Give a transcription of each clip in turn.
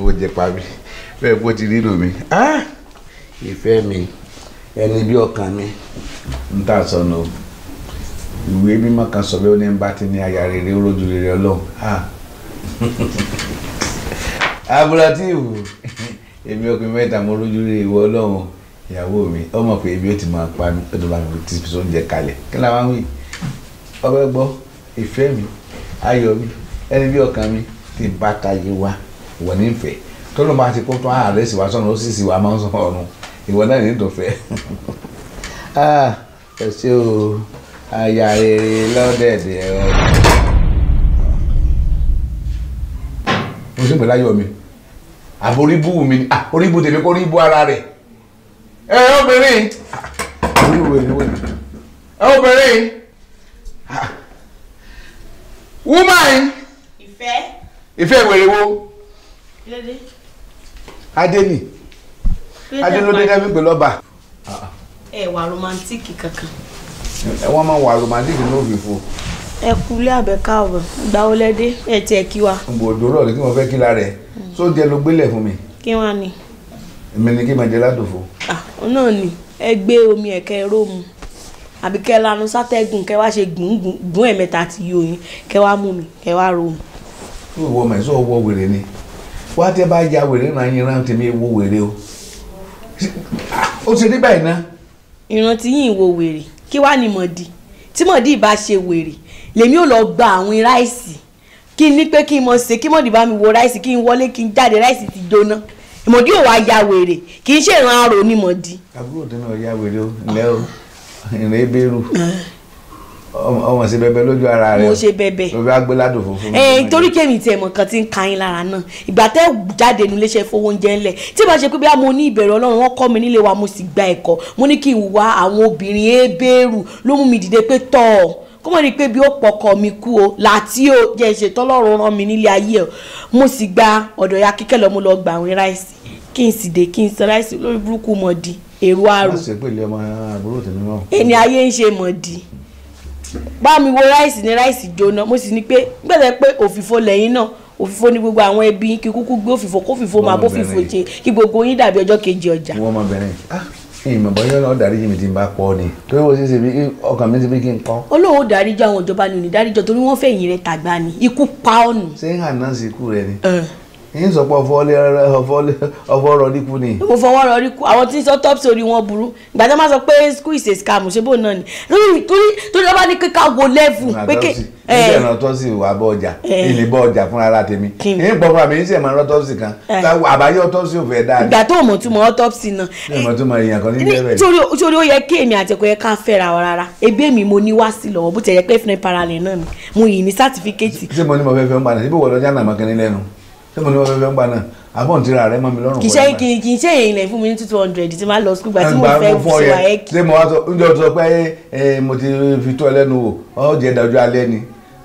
fowó jẹ pa mi bẹ́ẹ̀ bó ti rírò mi ìfẹ́ mi ẹni bí ọkàn mi ń tà sọnù o ìwé mímọ́ kan sọ pé ó ní ń bá ti ní aya rere ó rojú rere ọlọ́run abúlátìwù èmi ọkùnrin mẹ́ta mo rojú rere ìwọ ọlọ́run ìyàwó mi ọmọ pé ebi ó ti máa pa mí ó ti máa ti fi oúnjẹ kalẹ̀ kí ni àwọn wí ọbẹ̀ gbọ́ ìfẹ́ mi ayọ̀ mi ẹni bí ọkàn mi ti bá tayé wá ìwọ ní fẹ́ tọ́lọ́ máa ti kó tán ààrẹ sì wá sọ́nà ó sì sì wá máa ń sọ́nà ọ̀run ìwọ náà ní ìdọ̀fẹ́. Ah, ẹ ṣe o aya rere lọ́dẹ̀dẹ̀ ọ. mo sì ń pè láyọ̀ mi àforíbù mi ni àforíbù ah, tèmi kò rí ibú ara rẹ̀ ẹ obìnrin ẹ obìnrin ah, woman ìfẹ́ ìfẹ́ wèrè wo adé ni adé ló dé dẹ́bí pẹ̀lú ọba. ẹ wà romantiki kankan. ẹ wọ́n máa wà romantiki ní òfìfo. ẹ kúlé àbẹ̀ká ọ̀bọ̀ gba ọlẹ́dẹ ẹ ti ẹ kí wa. gbòdò rọ̀lẹ́ kí wọ́n fẹ́ kí la rẹ̀ tó mm. jẹ ló gbélé fún mi. kí wọ́n á ní. èmi ni kí màá jẹ ládòfo. náà ni ẹ gbé omi ẹ̀kẹ́ róòmù àbí kẹ́ lanu sátẹ́gùn kẹ́ wá ṣe gbùngbùn ẹ̀mẹ́ta ti yọ yín kẹ́ wá mú mi kẹ́ wá róòmù. O wọ mẹ́sàn-án wọ wèrè ni wá tẹ́ bá ya wèrè ràn yín ràn tèmi wo wèrè o ó ti rí báyìí ná. ìrántí yìí ń wo wèrè kí wàá ní mọ̀dí tí mọ̀dí bá ṣe wèrè lèmi ò lọ gba àwọn ráìsì kí n ní pé kí n mọ̀ ṣe kí mọ̀dí bá mi wo ráìsì kí n wọlé kí n jáde ráìsì ti jóná mọ̀dí ò wá ya wèrè kì í ṣèran arò ní mọ̀dí. àbúrò tí náà ya wèrè o ǹlẹ́ o ìrìn ebéèrú ah ọmọ ṣe bẹbẹ lójú ara rẹ mo ṣe bẹbẹ mo bá gbé ládùn funfun. ẹ torí kémi tiẹ̀ mọ̀ kan ti ń ka yín lára náà ìgbà tẹ́ jáde nílé iṣẹ́ fowó oúnjẹ ńlẹ̀ tí bá ṣe pé bá mo ní ìbẹ̀rù ọlọ́run wọ́n kọ́ mi nílé wa mo sì gba ẹ̀kọ́ mo ní kí n wá àwọn obìnrin ebéèrú ló mú mi dìde pé tọ́ ọ kó mọ̀ pé bí ó pọkọ mi kú o láti o jẹ́ ṣe tọ́lọ́run rán mi nílé ayé o mo sì gba ọ̀dọ̀ ya kíkẹ́ lọ mo lọ gba àwọn ráìsì kí n sì dé kí n san ráìsì lórí burúkú mọ̀ di èrò àrò ẹni ayé ń ṣe mọ̀ di bá mi wo ráìsì ní ráìsì jóná mo sì ní pé gbẹ̀dẹ̀ pé òfìfo lẹ́yìn náà òfìfo ni gbogbo àwọn ẹbí kí kúkú gbé òfìfo kó fìfo máa bó fìfo ṣe kí gbogbo yín dàbí ọjọ́ kejì ọjà. wọ́n máa bẹ̀rẹ̀ ah ìmọ̀ bọ́yọ́ náà dáríjì mi ti ń bá pọ̀ ni torí wọ́n ṣe ṣe bí ọkàn mi ti fi kí n kọ́. olóòwò dáríjì àwọn ìjọba ni ò ní dáríjì torí wọ́n fẹ̀yìn rẹ̀ tàgbà ni ikú pa ọ̀nù. ṣé hàn náà sì kú rẹ ni yín sọ pé ọfọ rọrí kú ni. mo fọwọ́ rọrí kú àwọn tí ń sọ tọ́pù sórí wọn burú ìgbà tí wọ́n máa sọ pé school is a scam ṣébò náà ni lórí torí torí lọ́ba ní kíkà wo level. pékè ẹ ẹ rọtọ́sì wà bọ ọjà ìlì bọ ọjà fúnra ara tèmi ní pọpọ àmì ìṣẹ̀ máa rọtọ́sì kan àbáyé ọtọ́sì ò fẹ́ dáa. ìgbà tó mọ̀ tún mọ̀ ọtọ́sì náà. ìmọ̀ tún mọ̀ èèyàn kan ní bẹ́ẹ̀ bẹ́ẹ̀. torí ó yẹ kí èmi àtẹ̀kọ́ yẹ ká fẹ́ra wa rárá ebí mi mo ní wá sí lọ́wọ́ bó ti yẹ pé fúnra paralẹ̀ náà ni mo yìí ní sátífíkẹ́tì. ṣé mo ní mo fẹ́ fẹ́ ń padà síbò wọ́n lọ́jà nàmọ́kẹ́ nílẹ́nu ṣé mo ní wọ́n fẹ́ gbà náà abọ́ǹtira rẹ mọ́ mi lọ́rùn. kì í ṣe kì í ṣe èyí lẹ̀ fún mi ní two hundred tí máa lọ sukùl gbà tí mo fẹ́ sọ àyẹ́kì. ṣé mo wá sọ oúnjẹ tó sọ pé mo ti fi tó ẹ lẹ́nu wò ọ́ jẹ́ dájú alẹ́ ni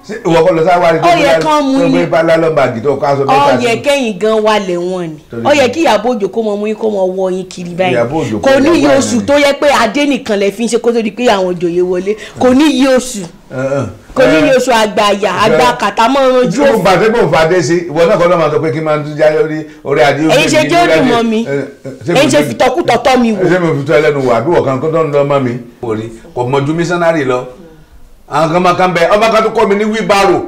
ìwọ kọ́ lọ sáwárí tó bẹ tó bẹ bá lálọ́ bàgì tó kọ́ aṣọ mẹ́ta sí. ó yẹ kẹ́yìn gan wálẹ̀ wọn ni ó yẹ kí Ìyábọ̀ Òjó kó mọ mú yín kó mọ wọ yín kiri báyìí kò ní iye oṣù tó yẹ pé adé nìkan lè fi ṣe kó tó di pé àwọn òjòyè wọlé kò ní iye oṣù kò ní iye oṣù àgbàyà eh, àgbà kàtàmọ́ ojú òfin. yóò bá fẹ́ bò ń fadé sí ìwọ náà kọ́ ló máa sọ pé kí n máa tún já lórí orí adé òjò. Eh, eh, èyí ṣe jẹ́ òdùmọ̀ mi èyí ṣe fìtọ́kùtọ̀ tọ́ mi wò. ṣé mo fi tọ́ ẹlẹ́nu wò àbí wọ̀ kan àwọn kan máa kan bẹ ọmọ kan tó kọ́ mi ní wíbárò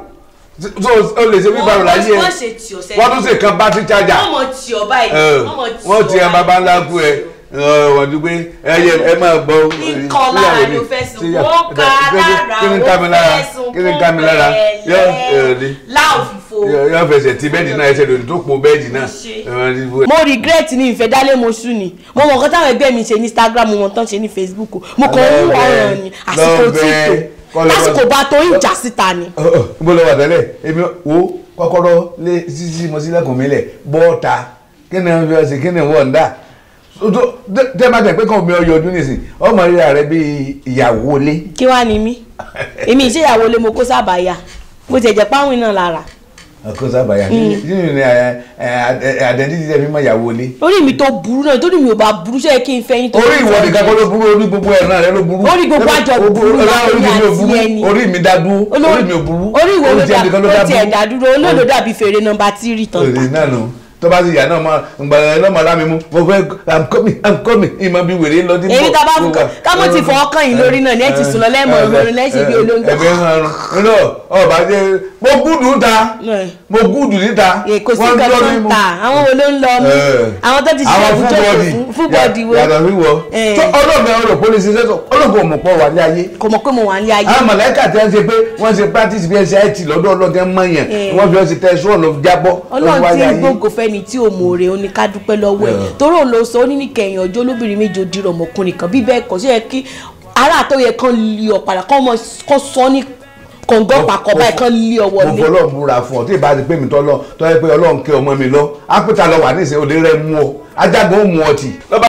so o lè ṣe wíbárò láyé ẹ wọ́n tún ṣe kan bátí chájà wọ́n ti ẹ bàbá ńlá kú ẹ wọ́n ti pé ẹyẹ ẹ máa gbọ́ ìkọ́ lára ló fẹ̀sùn wọ́n ká lára ó fẹ̀sùn pẹ̀lẹ́ láòfìfo yóò fẹsẹ̀ ti bẹ́ẹ̀dì náà ẹsẹ̀ lòdì tó po bẹ́ẹ̀dì náà. mo regret ni ìfẹ́ dálé mo sú ni mo mọ̀ nǹkan táwọn ẹgbẹ́ mi ṣe ní Instagram mo mọ̀ tán ṣe ní Facebook mo kàn ń wọ̀ ọ̀ràn ni àsìkò tí lásìkò bá tó ìjà síta ni. bó lọ wà tẹ́lẹ̀ èmi wo kọ́kọ́rọ́ lé sísí mo sí lẹ́kùn mi lẹ̀ bọ́ọ̀ta kí ni wọ́n fi ọ̀sìn kí ni wọ́n ń dà tẹ́ bá tẹ̀ pé kàn mí ọyọ ọdún nìsín ọmọ rírà rẹ bí ìyàwó lé. kí wàá ní mí èmi ìṣèyàwó lé mo kó sábà ya mo tẹ̀jẹ̀ páwìn náà lára ọkọ sábà yà nínú ní àdẹ́ntì tí ẹ̀mí máa yà wọlé. orí mi tó burú náà torí mi ò bá burú ṣe kí n fẹ́yìn tó. orí ìwọ nìkan kọ́ ló burú orí gbogbo ẹ̀ náà rẹ ló burú. orí gbogbo àjọ burú láti ẹni. orí mi dá dúró orí mi ò burú. orí ìwọ ló dà ó tiẹ̀ dá dúró olóòdó dàbí fèrè nọ́mbà tírì tán tó bá ti yà náà mọ ngbà náà mọ lámi mo fẹ́ i'm coming i'm coming ìmọ̀ bí wèrè lọ dín bọ̀. èyí tá a bá fún kámọ́ ti fọ ọkàn yìí lórí náà ní ẹ̀ ti sùn lọ lẹ́mọ̀ ìrọ̀rùn lẹ́sìn bí olóńgbò. ẹgbẹ́ hàn án lọ ọba jẹ mo gúdù ta mo gúdù níta wọ́n ń lọ mímú. àwọn wo ló ń lọ mí àwọn tó ti ṣe àwùjọ fúbọ̀dì wo. yàtọ̀ fi wọ tó ọlọ́mọ ẹ̀rọ pólísì sẹ́tọ̀ ọlọ́gbọ̀n mọ̀ pọ̀ wà ní ayé. kò mọ̀ pé mo wà ní ayé. àwọn mọ̀lẹ́kà tí wọ́n ṣe pé ẹni tí ò mòore ó ní ká dúpẹ́ lọ́wọ́ ẹ̀ torí òun ló sọ ó ní ní kẹyìn ọjọ́ olóbìnrin méje òdìrọ̀ ọmọkùnrin kan bíbẹ́ ẹ̀kọ́ sí ẹ kí ará tó yẹ kán lè ọ̀padà kán mọ kán sọ ní kọ̀ǹgọ́ pàkọ́ báyìí kán lé ọwọ́ ní. mo fọlọ́ múra fún ọ tí ìbá pé mi tọ́lọ́ tọ́ ẹ pé ọlọ́run kẹ́ ọmọ mi lọ ápẹ́tà lọ wà níṣẹ́ òde